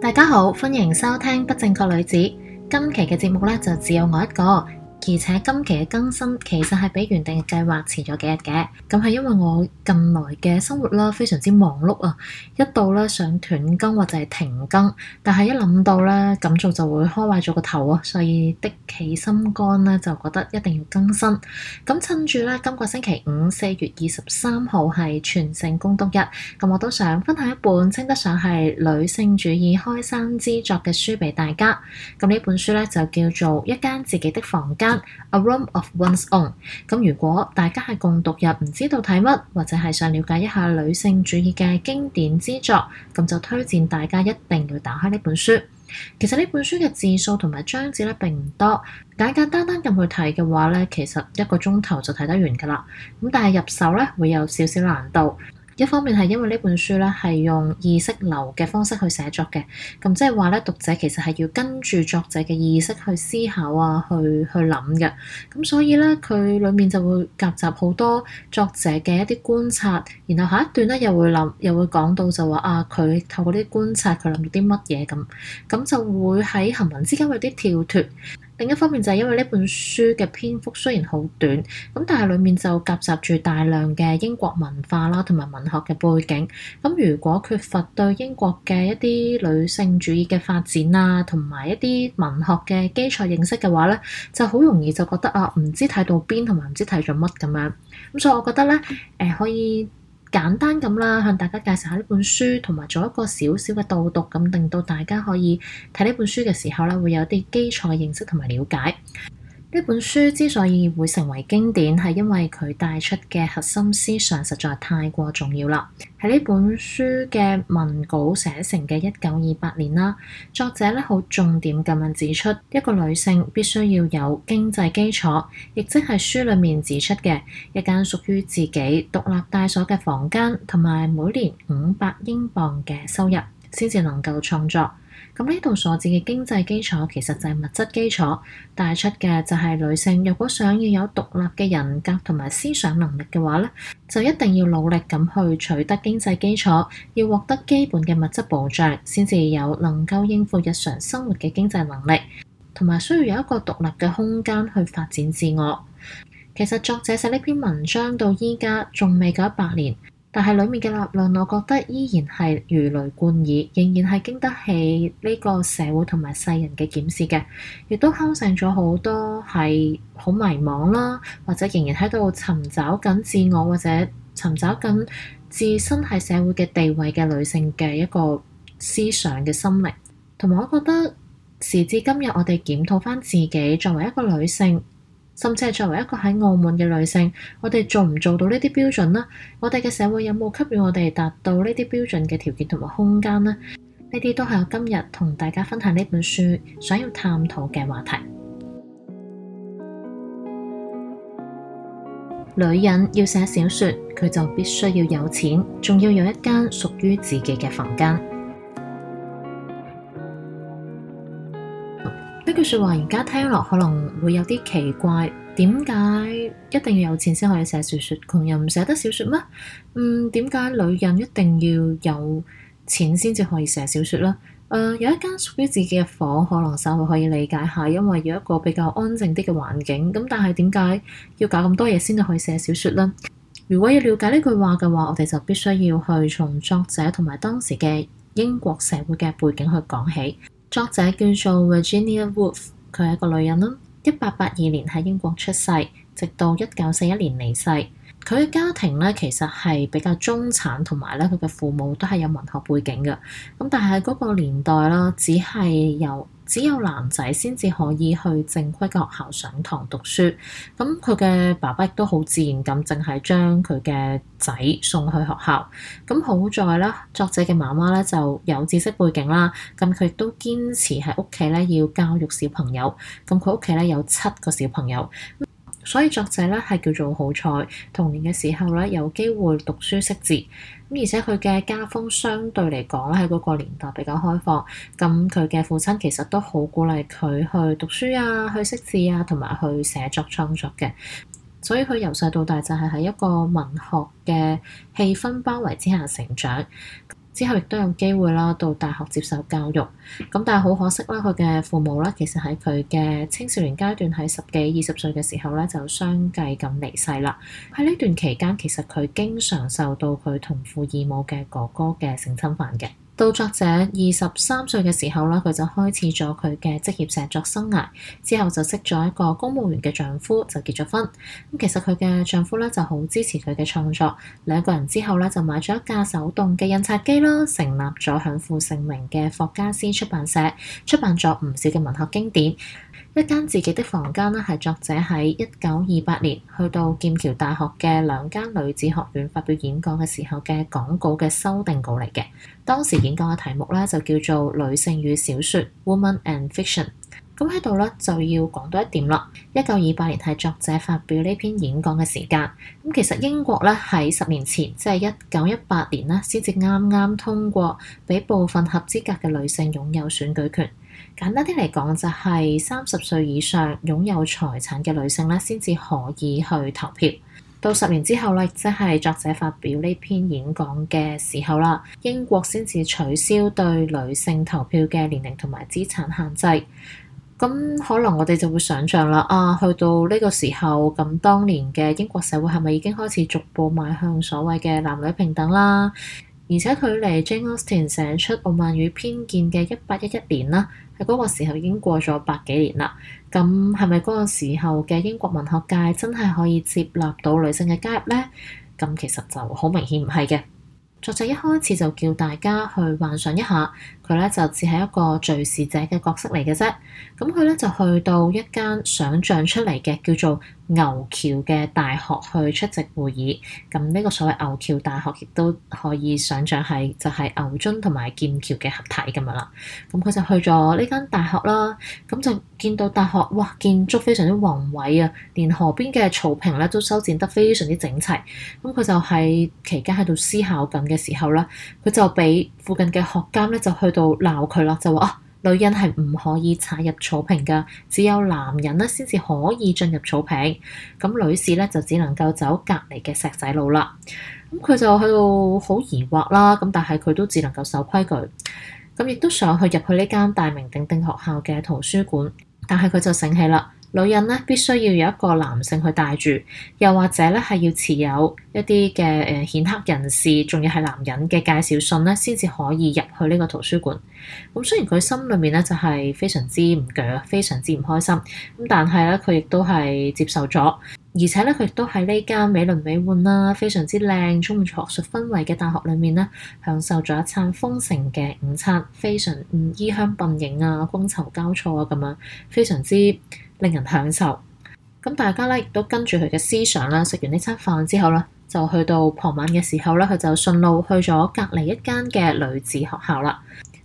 大家好，歡迎收聽《不正確女子》。今期嘅節目呢，就只有我一個。而且今期嘅更新其實係比原定嘅計劃遲咗幾日嘅，咁係因為我近來嘅生活啦非常之忙碌啊，一度咧想斷更或者係停更，但係一諗到咧咁做就會開壞咗個頭啊，所以的起心肝咧就覺得一定要更新。咁趁住咧今個星期五四月二十三號係全城共讀日，咁我都想分享一本稱得上係女性主義開山之作嘅書俾大家。咁呢本書咧就叫做《一間自己的房間》。A Room of One's Own。咁如果大家係共讀日唔知道睇乜，或者係想了解一下女性主義嘅經典之作，咁就推薦大家一定要打開呢本書。其實呢本書嘅字數同埋章節咧並唔多，簡簡單單咁去睇嘅話咧，其實一個鐘頭就睇得完㗎喇。咁但係入手咧會有少少難度。一方面係因為呢本書咧係用意識流嘅方式去寫作嘅，咁即係話咧讀者其實係要跟住作者嘅意識去思考啊，去去諗嘅。咁所以咧佢裏面就會夾雜好多作者嘅一啲觀察，然後下一段咧又會諗，又會講到就話啊，佢透過呢啲觀察，佢諗到啲乜嘢咁，咁就會喺行文之間有啲跳脱。另一方面就係因為呢本書嘅篇幅雖然好短，咁但係裡面就夾雜住大量嘅英國文化啦，同埋文學嘅背景。咁如果缺乏對英國嘅一啲女性主義嘅發展啊，同埋一啲文學嘅基礎認識嘅話咧，就好容易就覺得啊，唔知睇到邊同埋唔知睇咗乜咁樣。咁所以我覺得咧，誒、呃、可以。簡單咁啦，向大家介紹下呢本書，同埋做一個少少嘅導讀，咁令到大家可以睇呢本書嘅時候咧，會有啲基礎的認識同埋了解。呢本書之所以會成為經典，係因為佢帶出嘅核心思想實在太過重要啦。喺呢本書嘅文稿寫成嘅一九二八年啦，作者呢好重點咁樣指出，一個女性必須要有經濟基礎，亦即係書裡面指出嘅一間屬於自己獨立帶鎖嘅房間，同埋每年五百英鎊嘅收入，先至能夠創作。咁呢度所指嘅經濟基礎其實就係物質基礎，帶出嘅就係女性如果想要有獨立嘅人格同埋思想能力嘅話呢，就一定要努力咁去取得經濟基礎，要獲得基本嘅物質保障，先至有能夠應付日常生活嘅經濟能力，同埋需要有一個獨立嘅空間去發展自我。其實作者寫呢篇文章到依家仲未夠一百年。但係裡面嘅立論，我覺得依然係如雷貫耳，仍然係經得起呢個社會同埋世人嘅檢視嘅，亦都敲醒咗好多，係好迷茫啦，或者仍然喺度尋找緊自我或者尋找緊自身喺社會嘅地位嘅女性嘅一個思想嘅心靈，同埋我覺得時至今日，我哋檢討翻自己作為一個女性。甚至係作為一個喺澳門嘅女性，我哋做唔做到呢啲標準呢？我哋嘅社會有冇給予我哋達到呢啲標準嘅條件同埋空間呢？呢啲都係我今日同大家分享呢本書想要探討嘅話題。女人要寫小説，佢就必須要有錢，仲要有一間屬於自己嘅房間。呢句説話，而家聽落可能會有啲奇怪。點解一定要有錢先可以寫小説？窮人唔寫得小説咩？嗯，點解女人一定要有錢先至可以寫小説呢？誒、呃，有一間屬於自己嘅房，可能稍微可以理解下，因為有一個比較安靜啲嘅環境。咁但係點解要搞咁多嘢先至可以寫小説呢？如果要了解呢句話嘅話，我哋就必須要去從作者同埋當時嘅英國社會嘅背景去講起。作者叫做 Virginia Woolf，佢係一個女人啦。一八八二年喺英國出世，直到一九四一年離世。佢嘅家庭咧，其實係比較中產，同埋咧，佢嘅父母都係有文學背景嘅。咁但係嗰個年代啦，只係有只有男仔先至可以去正規嘅學校上堂讀書，咁佢嘅爸爸亦都好自然咁，淨係將佢嘅仔送去學校。咁好在啦，作者嘅媽媽咧就有知識背景啦，咁佢亦都堅持喺屋企咧要教育小朋友。咁佢屋企咧有七個小朋友。所以作者呢係叫做好彩，童年嘅時候呢有機會讀書識字，咁而且佢嘅家風相對嚟講喺嗰個年代比較開放，咁佢嘅父親其實都好鼓勵佢去讀書啊、去識字啊、同埋去寫作創作嘅，所以佢由細到大就係喺一個文學嘅氣氛包圍之下成長。之後亦都有機會啦，到大學接受教育。咁但係好可惜啦，佢嘅父母啦，其實喺佢嘅青少年階段，喺十幾二十歲嘅時候咧，就相繼咁離世啦。喺呢段期間，其實佢經常受到佢同父異母嘅哥哥嘅性侵犯嘅。到作者二十三歲嘅時候呢，佢就開始咗佢嘅職業寫作生涯。之後就識咗一個公務員嘅丈夫，就結咗婚。咁其實佢嘅丈夫呢，就好支持佢嘅創作。兩個人之後呢，就買咗一架手動嘅印刷機啦，成立咗享負盛名嘅霍家思出版社，出版咗唔少嘅文學經典。一間自己的房間咧，係作者喺一九二八年去到劍橋大學嘅兩間女子學院發表演講嘅時候嘅講稿嘅修訂稿嚟嘅。當時演講嘅題目呢，就叫做《女性與小說》（Woman and Fiction）。咁喺度咧就要講多一點啦。一九二八年係作者發表呢篇演講嘅時間。咁其實英國呢，喺十年前，即係一九一八年咧，先至啱啱通過俾部分合資格嘅女性擁有選舉權。簡單啲嚟講，就係三十歲以上擁有財產嘅女性咧，先至可以去投票。到十年之後咧，即係作者發表呢篇演講嘅時候啦，英國先至取消對女性投票嘅年齡同埋資產限制。咁可能我哋就會想像啦，啊，去到呢個時候，咁當年嘅英國社會係咪已經開始逐步邁向所謂嘅男女平等啦？而且距離 Jane Austen 寫出《傲慢與偏見》嘅一八一一年啦，喺嗰個時候已經過咗百幾年啦。咁係咪嗰個時候嘅英國文學界真係可以接納到女性嘅加入呢？咁其實就好明顯唔係嘅。作者一開始就叫大家去幻想一下。佢咧就只係一個敍事者嘅角色嚟嘅啫。咁佢咧就去到一間想像出嚟嘅叫做牛橋嘅大學去出席會議。咁呢個所謂牛橋大學亦都可以想像係就係牛津同埋劍橋嘅合體咁樣啦。咁佢就去咗呢間大學啦。咁就見到大學，哇！建築非常之宏偉啊，連河邊嘅草坪咧都修剪得非常之整齊。咁佢就喺期間喺度思考緊嘅時候啦，佢就俾附近嘅學監咧就去到。就鬧佢啦，就話啊，女人係唔可以踩入草坪噶，只有男人呢先至可以進入草坪。咁女士呢，就只能夠走隔籬嘅石仔路啦。咁佢就喺度好疑惑啦。咁但係佢都只能夠守規矩。咁亦都想去入去呢間大名鼎鼎學校嘅圖書館，但係佢就醒起啦。女人呢，必須要有一個男性去帶住，又或者呢，係要持有一啲嘅誒顯赫人士，仲要係男人嘅介紹信呢，先至可以入去呢個圖書館。咁雖然佢心裏面呢，就係、是、非常之唔鋸，非常之唔開心咁，但係呢，佢亦都係接受咗，而且呢，佢亦都喺呢間美輪美奐啦、啊，非常之靚，充滿著學術氛圍嘅大學裏面呢，享受咗一餐豐盛嘅午餐，非常嗯衣香鬢影啊，觥籌交錯啊，咁樣非常之，令人享受，咁大家呢，亦都跟住佢嘅思想啦。食完呢餐飯之後呢，就去到傍晚嘅時候呢，佢就順路去咗隔離一間嘅女子學校啦。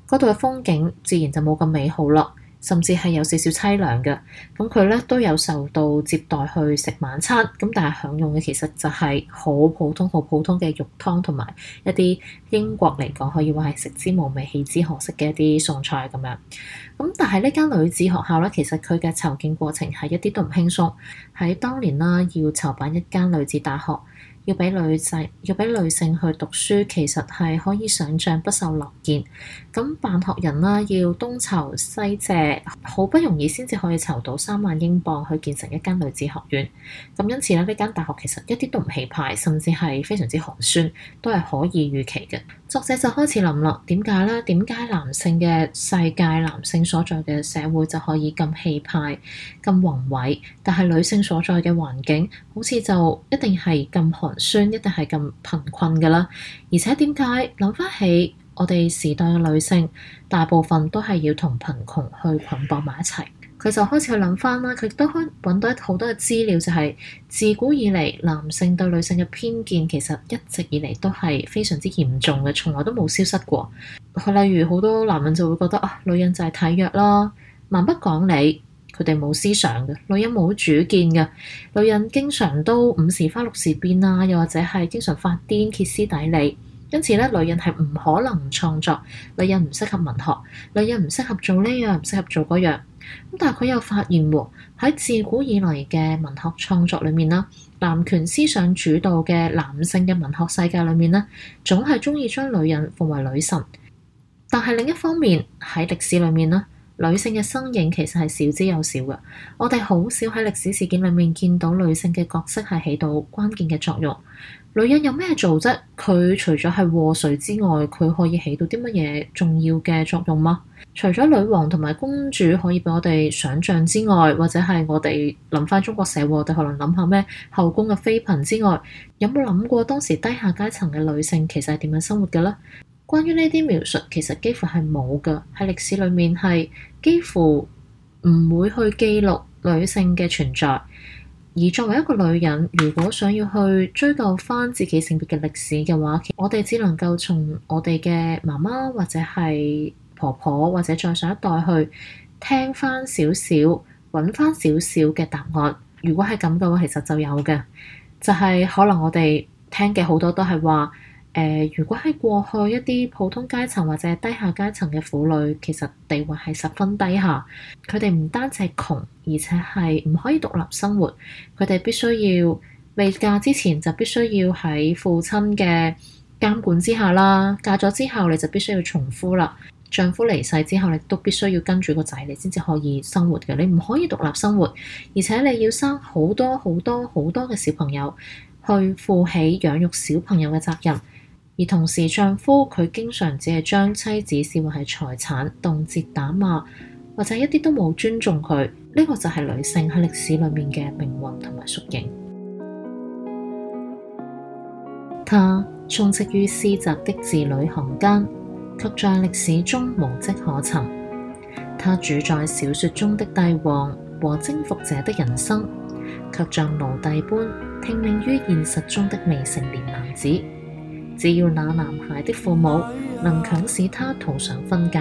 嗰度嘅風景自然就冇咁美好啦。甚至係有少少淒涼嘅，咁佢呢都有受到接待去食晚餐，咁但係享用嘅其實就係好普通、好普通嘅肉湯，同埋一啲英國嚟講可以話係食之無味、棄之可惜嘅一啲餸菜咁樣。咁但係呢間女子學校呢，其實佢嘅籌建過程係一啲都唔輕鬆，喺當年啦，要籌辦一間女子大學。要畀女仔，要俾女性去讀書，其實係可以想像不受落見。咁辦學人啦，要東籌西借，好不容易先至可以籌到三萬英鎊去建成一間女子學院。咁因此呢，呢間大學其實一啲都唔氣派，甚至係非常之寒酸，都係可以預期嘅。作者就開始諗啦，點解呢？點解男性嘅世界，男性所在嘅社會就可以咁氣派、咁宏偉，但係女性所在嘅環境好似就一定係咁寒酸，一定係咁貧困㗎啦？而且點解諗返起我哋時代嘅女性，大部分都係要同貧窮去捆綁埋一齊。佢就開始去諗翻啦。佢亦都開揾到好多嘅資料，就係自古以嚟男性對女性嘅偏見，其實一直以嚟都係非常之嚴重嘅，從來都冇消失過。例如好多男人就會覺得啊，女人就係體弱啦，蠻不講理，佢哋冇思想嘅，女人冇主見嘅，女人經常都五時花六時變啊，又或者係經常發癲，歇斯底里。因此咧，女人係唔可能創作，女人唔適合文學，女人唔適合做呢樣，唔適合做嗰樣。但係佢又發現喎，喺自古以嚟嘅文學創作裏面啦，男權思想主導嘅男性嘅文學世界裏面呢，總係鍾意將女人奉為女神。但係另一方面，喺歷史裏面咧，女性嘅身影其實係少之又少嘅。我哋好少喺歷史事件裏面見到女性嘅角色係起到關鍵嘅作用。女人有咩組織？佢除咗係禍水之外，佢可以起到啲乜嘢重要嘅作用嗎？除咗女王同埋公主可以畀我哋想象之外，或者係我哋諗翻中國社會，我哋可能諗下咩後宮嘅妃嬪之外，有冇諗過當時低下階層嘅女性其實係點樣生活嘅咧？關於呢啲描述，其實幾乎係冇㗎，喺歷史裏面係幾乎唔會去記錄女性嘅存在。而作為一個女人，如果想要去追究翻自己性別嘅歷史嘅話，我哋只能夠從我哋嘅媽媽或者係婆婆或者再上一代去聽翻少少，揾翻少少嘅答案。如果係咁嘅話，其實就有嘅，就係可能我哋聽嘅好多都係話。誒、呃，如果喺過去一啲普通階層或者低下階層嘅婦女，其實地位係十分低下。佢哋唔單止窮，而且係唔可以獨立生活。佢哋必須要未嫁之前就必須要喺父親嘅監管之下啦。嫁咗之後，你就必須要從夫啦。丈夫離世之後，你都必須要跟住個仔，你先至可以生活嘅。你唔可以獨立生活，而且你要生好多好多好多嘅小朋友，去負起養育小朋友嘅責任。而同時，丈夫佢經常只係將妻子視為係財產，動輒打罵，或者一啲都冇尊重佢。呢、這個就係女性喺歷史裏面嘅命運同埋縮影。 她充斥於詩集的字裏行間，卻在歷史中無跡可尋。她主宰小說中的帝王和征服者的人生，卻像奴隸般聽命於現實中的未成年男子。只要那男孩的父母能強使他塗上婚戒，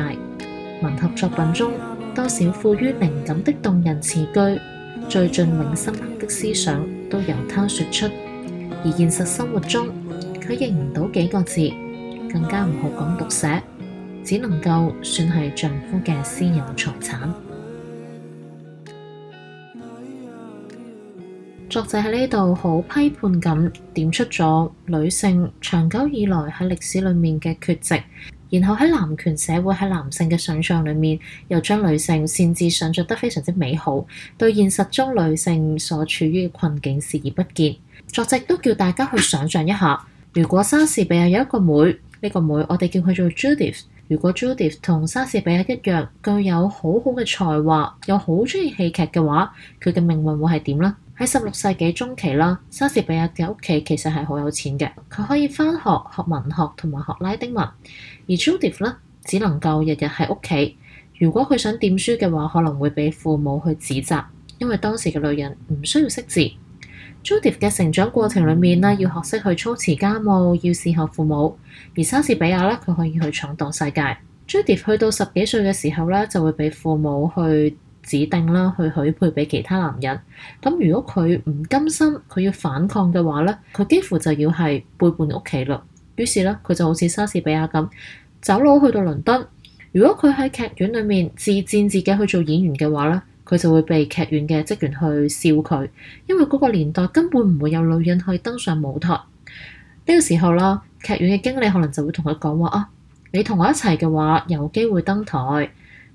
文學作品中多少富於靈感的動人詞句，最雋永深刻的思想，都由他說出。而現實生活中，佢認唔到幾個字，更加唔好講讀寫，只能夠算係丈夫嘅私人財產。作者喺呢度好批判咁點出咗女性長久以來喺歷史裏面嘅缺席，然後喺男權社會，喺男性嘅想象裏面，又將女性擅自想象得非常之美好，對現實中女性所處於嘅困境視而不見。作者都叫大家去想象一下，如果莎士比亞有一個妹呢，這個妹，我哋叫佢做 Judith。如果 Judith 同莎士比亞一樣，具有很好好嘅才華，又好鍾意戲劇嘅話，佢嘅命運會係點呢？喺十六世紀中期啦，莎士比亞嘅屋企其實係好有錢嘅，佢可以返學學文學同埋學拉丁文。而 Judith 呢，只能夠日日喺屋企。如果佢想掂書嘅話，可能會俾父母去指責，因為當時嘅女人唔需要識字。Judith 嘅成長過程裏面呢，要學識去操持家務，要侍候父母。而莎士比亞呢，佢可以去闖蕩世界。Judith 去到十幾歲嘅時候呢，就會俾父母去指定啦，去許配俾其他男人。咁如果佢唔甘心，佢要反抗嘅話呢，佢幾乎就要係背叛屋企啦。於是呢，佢就好似莎士比亞咁，走佬去到倫敦。如果佢喺劇院裏面自薦自己去做演員嘅話呢，佢就會被劇院嘅職員去笑佢，因為嗰個年代根本唔會有女人去登上舞台。呢個時候啦，劇院嘅經理可能就會同佢講話啊，你同我一齊嘅話，有機會登台。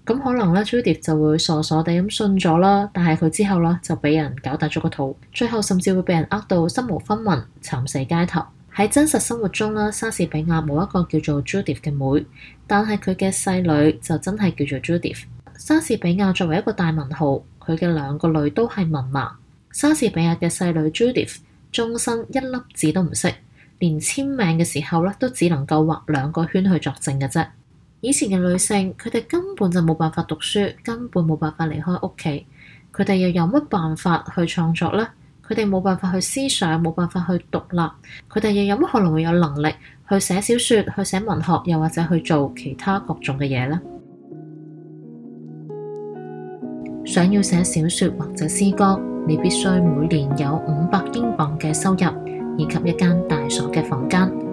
咁可能呢，Judith 就會傻傻地咁信咗啦。但係佢之後呢，就俾人搞大咗個肚，最後甚至會被人呃到身無分文，慘死街頭。喺真實生活中呢，莎士比亞冇一個叫做 Judith 嘅妹，但係佢嘅細女就真係叫做 Judith。莎士比亞作為一個大文豪，佢嘅兩個女都係文盲。莎士比亞嘅細女 Judith，終身一粒字都唔識，連簽名嘅時候呢，都只能夠畫兩個圈去作證嘅啫。以前嘅女性，佢哋根本就冇辦法讀書，根本冇辦法離開屋企。佢哋又有乜辦法去創作呢？佢哋冇辦法去思想，冇辦法去獨立。佢哋又有乜可能會有能力去寫小說、去寫文學，又或者去做其他各種嘅嘢呢？想要寫小說或者詩歌，你必須每年有五百英鎊嘅收入，以及一間帶鎖嘅房間。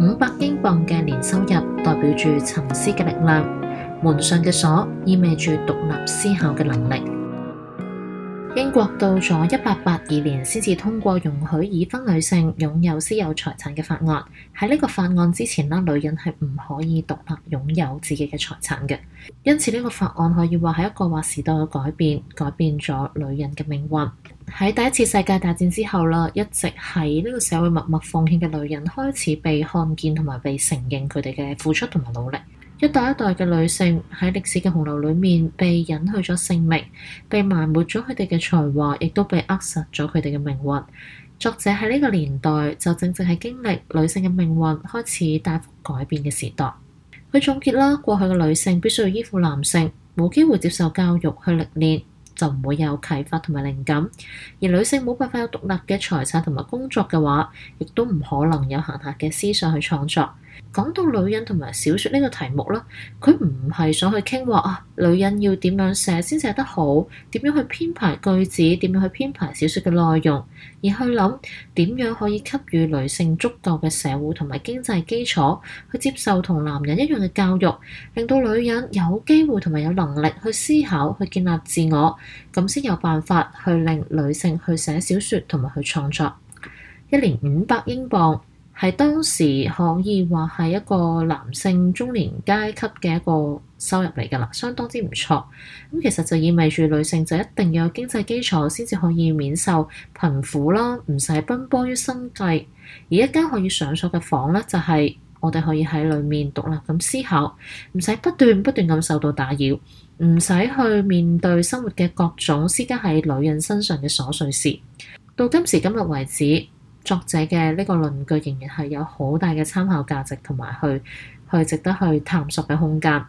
五百英鎊嘅年收入代表住沉思嘅力量，門上嘅鎖意味住獨立思考嘅能力。英國到咗一八八二年先至通過容許已婚女性擁有私有財產嘅法案。喺呢個法案之前啦，女人係唔可以獨立擁有自己嘅財產嘅。因此呢個法案可以話係一個劃時代嘅改變，改變咗女人嘅命運。喺第一次世界大戰之後啦，一直喺呢個社會默默奉獻嘅女人開始被看見同埋被承認佢哋嘅付出同埋努力。一代一代嘅女性喺歷史嘅洪流裏面被隱去咗性命，被埋沒咗佢哋嘅才華，亦都被扼殺咗佢哋嘅命運。作者喺呢個年代就正正係經歷女性嘅命運開始大幅改變嘅時代。佢總結啦，過去嘅女性必須要依附男性，冇機會接受教育去歷練。就唔會有啟發同埋靈感，而女性冇辦法有獨立嘅財產同埋工作嘅話，亦都唔可能有閒暇嘅思想去創作。講到女人同埋小說呢個題目啦，佢唔係想去傾話啊，女人要點樣寫先寫得好，點樣去編排句子，點樣去編排小說嘅內容，而去諗點樣可以給予女性足夠嘅社會同埋經濟基礎去接受同男人一樣嘅教育，令到女人有機會同埋有能力去思考，去建立自我，咁先有辦法去令女性去寫小說同埋去創作。一年五百英鎊。係當時可以話係一個男性中年階級嘅一個收入嚟㗎啦，相當之唔錯。咁其實就意味住女性就一定要有經濟基礎先至可以免受貧苦啦，唔使奔波於生計。而一間可以上鎖嘅房咧，就係我哋可以喺裡面獨立咁思考，唔使不斷不斷咁受到打擾，唔使去面對生活嘅各種施加喺女人身上嘅瑣碎事。到今時今日為止，作者嘅呢個論據仍然係有好大嘅參考價值，同埋去去值得去探索嘅空間。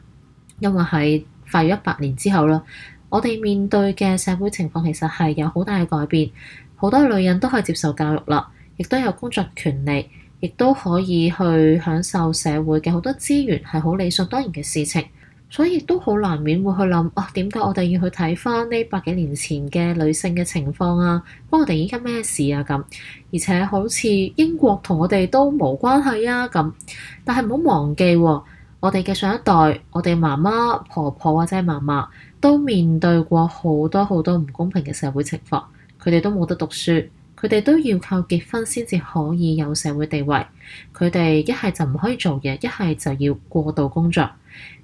因為喺快咗一百年之後啦，我哋面對嘅社會情況其實係有好大嘅改變，好多女人都可以接受教育啦，亦都有工作權利，亦都可以去享受社會嘅好多資源，係好理所當然嘅事情。所以都好難免會去諗，哦，點解我哋要去睇翻呢百幾年前嘅女性嘅情況啊？關我哋而家咩事啊？咁而且好似英國同我哋都冇關係啊？咁但係唔好忘記，哦，我哋嘅上一代，我哋媽媽、婆婆或者嫲嫲都面對過好多好多唔公平嘅社會情況，佢哋都冇得讀書，佢哋都要靠結婚先至可以有社會地位，佢哋一係就唔可以做嘢，一係就要過度工作。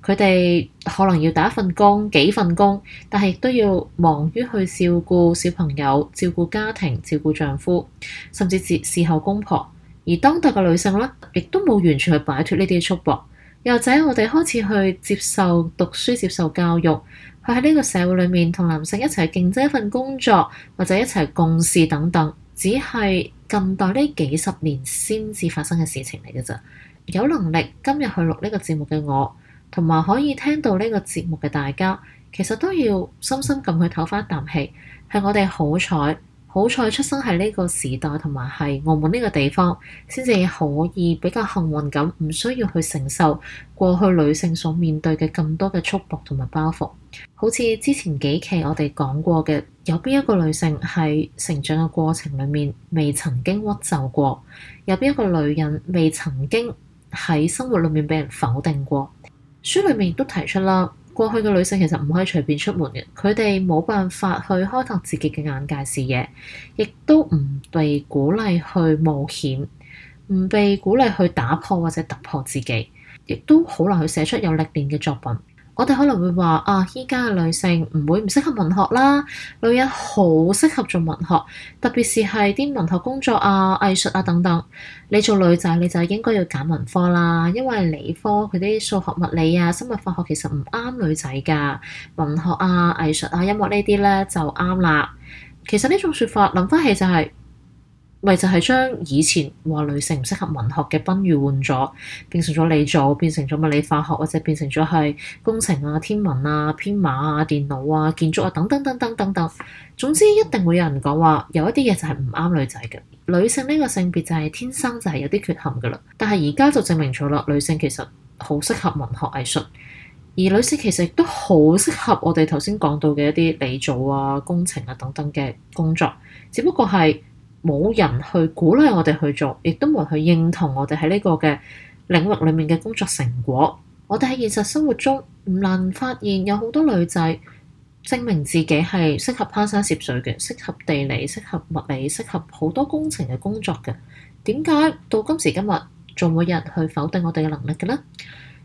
佢哋可能要打一份工、幾份工，但係亦都要忙於去照顧小朋友、照顧家庭、照顧丈夫，甚至至伺候公婆。而當代嘅女性呢，亦都冇完全去擺脱呢啲束縛。又或者我哋開始去接受讀書、接受教育，去喺呢個社會裏面同男性一齊競爭一份工作，或者一齊共事等等，只係近代呢幾十年先至發生嘅事情嚟嘅咋。有能力今日去錄呢個節目嘅我。同埋可以聽到呢個節目嘅大家，其實都要深深咁去唞翻啖氣。係我哋好彩，好彩出生喺呢個時代，同埋喺澳門呢個地方，先至可以比較幸運咁，唔需要去承受過去女性所面對嘅咁多嘅束縛同埋包袱。好似之前幾期我哋講過嘅，有邊一個女性係成長嘅過程裡面未曾經屈就過？有邊一個女人未曾經喺生活裡面被人否定過？書裏面亦都提出啦，過去嘅女性其實唔可以隨便出門嘅，佢哋冇辦法去開拓自己嘅眼界視野，亦都唔被鼓勵去冒險，唔被鼓勵去打破或者突破自己，亦都好難去寫出有歷練嘅作品。我哋可能會話啊，依家嘅女性唔會唔適合文學啦，女人好適合做文學，特別是係啲文學工作啊、藝術啊等等。你做女仔你就係應該要揀文科啦，因為理科佢啲數學、物理啊、生物、化學其實唔啱女仔㗎，文學啊、藝術啊、音樂、啊、呢啲咧就啱啦。其實呢種説法諗返起就係、是。咪就係將以前話女性唔適合文學嘅賓語換咗，變成咗理組，變成咗物理化學，或者變成咗係工程啊、天文啊、編碼啊、電腦啊、建築啊等等等等等等。總之一定會有人講話有一啲嘢就係唔啱女仔嘅，女性呢個性別就係天生就係有啲缺陷㗎啦。但係而家就證明咗啦，女性其實好適合文學藝術，而女性其實亦都好適合我哋頭先講到嘅一啲理組啊、工程啊等等嘅工作，只不過係。冇人去鼓勵我哋去做，亦都冇人去認同我哋喺呢個嘅領域裏面嘅工作成果。我哋喺現實生活中唔難發現有好多女仔證明自己係適合攀山涉水嘅，適合地理、適合物理、適合好多工程嘅工作嘅。點解到今時今日仲冇人去否定我哋嘅能力嘅呢？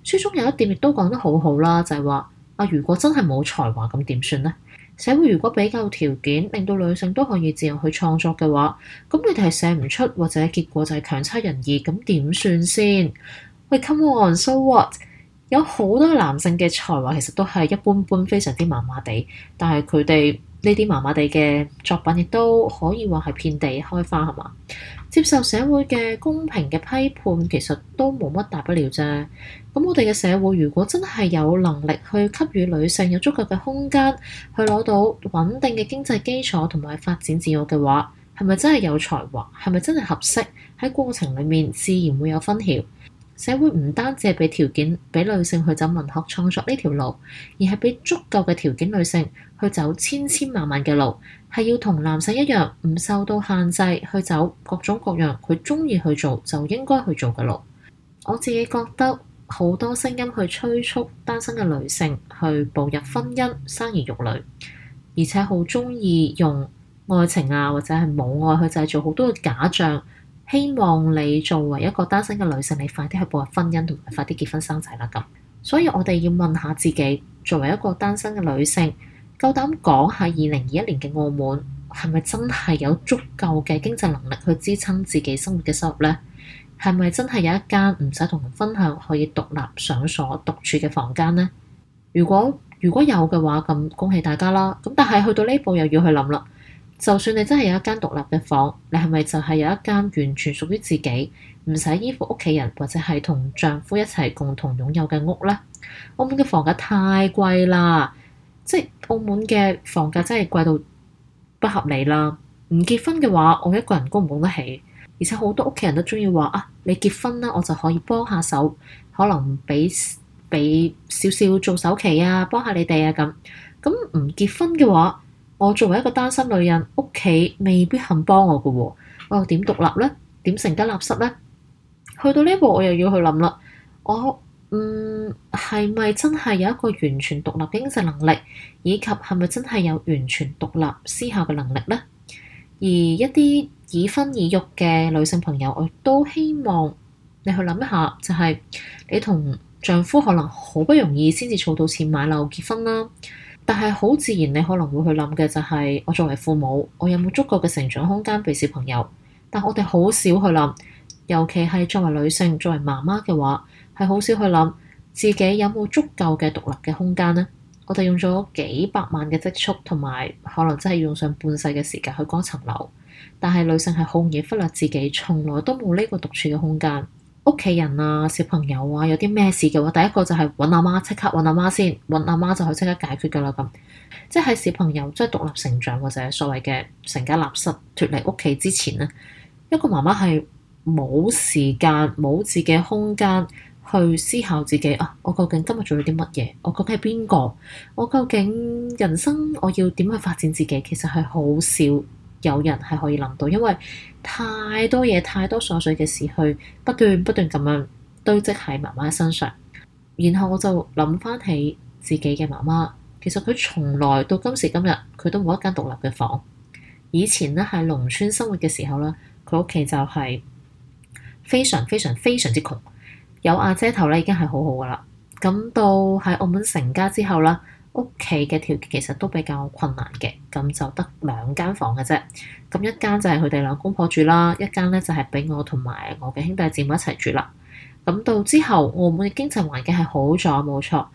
書中有一點亦都講得好好啦，就係話啊，如果真係冇才華咁點算呢？」社會如果比較條件，令到女性都可以自由去創作嘅話，咁你哋係寫唔出，或者結果就係強差人意，咁點算先？喂，come on，so what？有好多男性嘅才華其實都係一般般，非常之麻麻地，但係佢哋呢啲麻麻地嘅作品亦都可以話係遍地開花，係嘛？接受社會嘅公平嘅批判，其實都冇乜大不了啫。咁，我哋嘅社會如果真係有能力去給予女性有足夠嘅空間，去攞到穩定嘅經濟基礎，同埋發展自我嘅話，係咪真係有才華？係咪真係合適？喺過程裡面自然會有分曉。社會唔單止畀條件畀女性去走文學創作呢條路，而係畀足夠嘅條件女性去走千千萬萬嘅路，係要同男性一樣唔受到限制去走各種各樣佢鍾意去做就應該去做嘅路。我自己覺得。好多聲音去催促單身嘅女性去步入婚姻、生兒育女，而且好鍾意用愛情啊或者係母愛去製造好多嘅假象，希望你作為一個單身嘅女性，你快啲去步入婚姻同埋快啲結婚生仔啦咁。所以我哋要問下自己，作為一個單身嘅女性，夠膽講下二零二一年嘅澳門係咪真係有足夠嘅經濟能力去支撐自己生活嘅收入呢？係咪真係有一間唔使同人分享，可以獨立上鎖、獨處嘅房間呢？如果如果有嘅話，咁恭喜大家啦！咁但係去到呢步又要去諗啦。就算你真係有一間獨立嘅房，你係咪就係有一間完全屬於自己，唔使依附屋企人或者係同丈夫一齊共同擁有嘅屋呢？澳門嘅房價太貴啦，即係澳門嘅房價真係貴到不合理啦。唔結婚嘅話，我一個人供唔供得起？而且好多屋企人都鍾意話啊，你結婚啦，我就可以幫下手，可能畀畀少少做首期啊，幫下你哋啊咁。咁唔結婚嘅話，我作為一個單身女人，屋企未必肯幫我嘅喎、哦。我又點獨立呢？點成家立室呢？去到呢步，我又要去諗啦。我嗯係咪真係有一個完全獨立經濟能力，以及係咪真係有完全獨立思考嘅能力呢？」而一啲已婚已育嘅女性朋友，我都希望你去諗一下，就係、是、你同丈夫可能好不容易先至儲到錢買樓結婚啦，但係好自然你可能會去諗嘅就係、是、我作為父母，我有冇足夠嘅成長空間俾小朋友？但我哋好少去諗，尤其係作為女性、作為媽媽嘅話，係好少去諗自己有冇足夠嘅獨立嘅空間咧。我哋用咗幾百萬嘅積蓄，同埋可能真係要用上半世嘅時間去供一層樓。但係女性係好容易忽略自己，從來都冇呢個獨處嘅空間。屋企人啊，小朋友啊，有啲咩事嘅話，第一個就係揾阿媽，即刻揾阿媽先，揾阿媽就可以即刻解決噶啦。咁即係小朋友即係獨立成長或者所謂嘅成家立室脫離屋企之前咧，一個媽媽係冇時間冇自己空間去思考自己啊，我究竟今日做咗啲乜嘢？我究竟係邊個？我究竟人生我要點去發展自己？其實係好少。有人係可以諗到，因為太多嘢、太多瑣碎嘅事，去不斷不斷咁樣堆積喺媽媽身上。然後我就諗翻起自己嘅媽媽，其實佢從來到今時今日，佢都冇一間獨立嘅房。以前呢喺農村生活嘅時候呢，佢屋企就係非常非常非常之窮，有阿姐頭呢已經係好好噶啦。咁到喺澳門成家之後呢。屋企嘅條件其實都比較困難嘅，咁就得兩間房嘅啫。咁一間就係佢哋兩公婆住啦，一間咧就係俾我同埋我嘅兄弟姊妹一齊住啦。咁到之後，澳門嘅經濟環境係好咗，冇錯，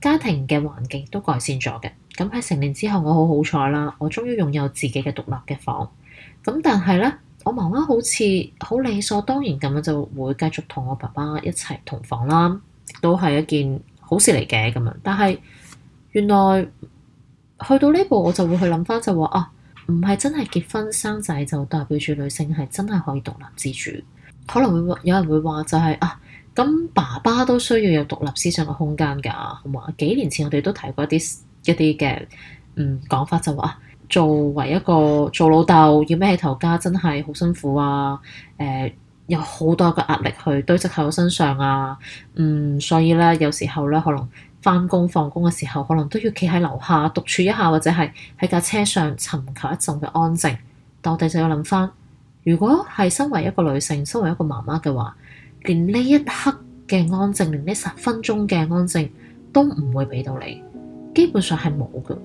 家庭嘅環境都改善咗嘅。咁喺成年之後，我好好彩啦，我終於擁有自己嘅獨立嘅房。咁但係咧，我媽媽好似好理所當然咁樣就會繼續同我爸爸一齊同房啦，都係一件好事嚟嘅咁樣。但係，原來去到呢步，我就會去諗翻就話、是、啊，唔係真係結婚生仔就代表住女性係真係可以獨立自主。可能會有人會話就係、是、啊，咁爸爸都需要有獨立思想嘅空間㗎，好嘛？幾年前我哋都提過一啲一啲嘅嗯講法、就是，就話啊，作為一個做老豆，要孭起頭家，真係好辛苦啊，誒、呃、有好多嘅壓力去堆積喺我身上啊，嗯，所以咧有時候咧可能。返工放工嘅時候，可能都要企喺樓下獨處一下，或者係喺架車上尋求一陣嘅安靜。但我哋就要諗翻，如果係身為一個女性，身為一個媽媽嘅話，連呢一刻嘅安靜，連呢十分鐘嘅安靜都唔會畀到你，基本上係冇嘅。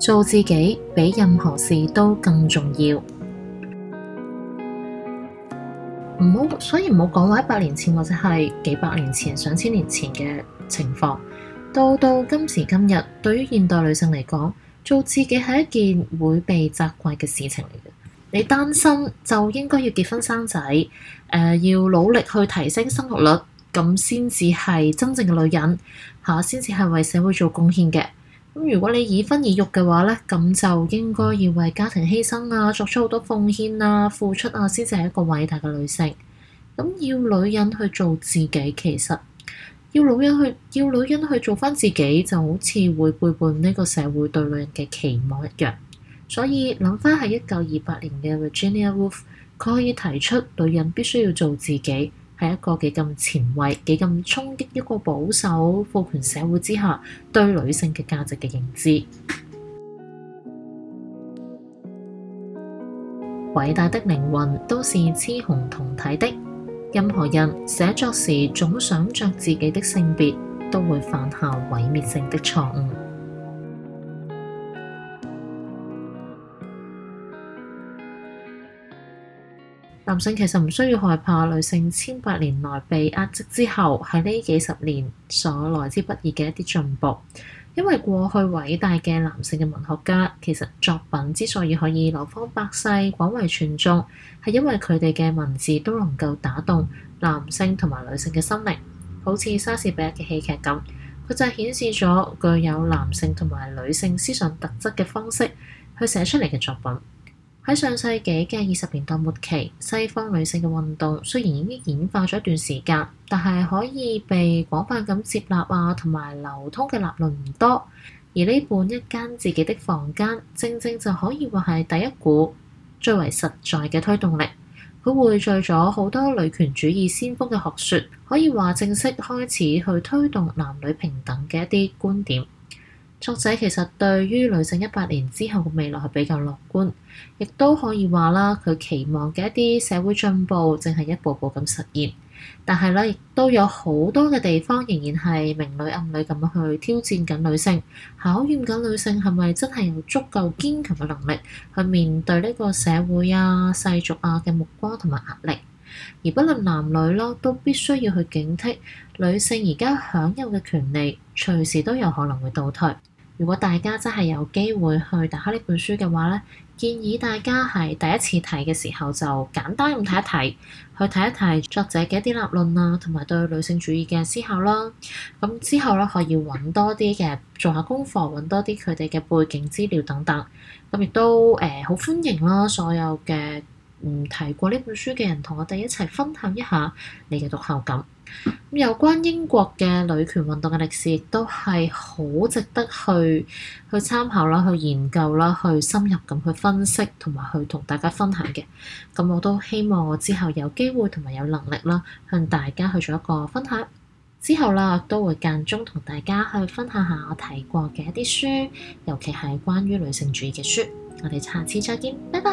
做自己比任何事都更重要。唔好，所以唔好講話一百年前或者係幾百年前，上千年前嘅情況，到到今時今日，對於現代女性嚟講，做自己係一件會被責怪嘅事情嚟嘅。你單身就應該要結婚生仔，誒、呃，要努力去提升生育率，咁先至係真正嘅女人，吓、啊，先至係為社會做貢獻嘅。咁如果你已婚已育嘅話呢，咁就應該要為家庭犧牲啊，作出好多奉獻啊，付出啊，先至係一個偉大嘅女性。咁、嗯、要女人去做自己，其實要女人去要女人去做翻自己，就好似會背叛呢個社會對女人嘅期望一樣。所以諗翻喺一九二八年嘅 Virginia Woolf，佢可以提出女人必須要做自己，係一個幾咁前衛、幾咁衝擊一個保守、父權社會之下對女性嘅價值嘅認知。偉 大的靈魂都是雌雄同體的。任何人寫作時總想着自己的性別，都會犯下毀滅性的錯誤。男性其實唔需要害怕女性千百年來被壓迫之後喺呢幾十年所來之不易嘅一啲進步，因為過去偉大嘅男性嘅文學家其實作品之所以可以流芳百世、廣為傳頌，係因為佢哋嘅文字都能夠打動男性同埋女性嘅心靈，好似莎士比亞嘅戲劇咁，佢就係顯示咗具有男性同埋女性思想特質嘅方式去寫出嚟嘅作品。喺上世紀嘅二十年代末期，西方女性嘅運動雖然已經演化咗一段時間，但係可以被廣泛咁接納啊，同埋流通嘅立論唔多。而呢本一間自己的房間，正正就可以話係第一股最為實在嘅推動力。佢匯聚咗好多女權主義先鋒嘅學說，可以話正式開始去推動男女平等嘅一啲觀點。作者其實對於女性一百年之後嘅未來係比較樂觀，亦都可以話啦。佢期望嘅一啲社會進步淨係一步步咁實現，但係咧亦都有好多嘅地方仍然係明裡暗裡咁去挑戰緊女性，考驗緊女性係咪真係有足夠堅強嘅能力去面對呢個社會啊、世俗啊嘅目光同埋壓力。而不論男女咯，都必須要去警惕女性而家享有嘅權利，隨時都有可能會倒退。如果大家真係有機會去打開呢本書嘅話咧，建議大家係第一次睇嘅時候就簡單咁睇一睇，去睇一睇作者嘅一啲立論啊，同埋對女性主義嘅思考啦。咁之後咧可以揾多啲嘅做下功課，揾多啲佢哋嘅背景資料等等。咁亦都誒好、呃、歡迎啦，所有嘅嗯睇過呢本書嘅人，同我哋一齊分享一下你嘅讀後感。咁有關英國嘅女權運動嘅歷史，亦都係好值得去去參考啦、去研究啦、去深入咁去分析，同埋去同大家分享嘅。咁我都希望我之後有機會同埋有能力啦，向大家去做一個分享。之後啦，都會間中同大家去分享下我睇過嘅一啲書，尤其係關於女性主義嘅書。我哋下次再見，拜拜。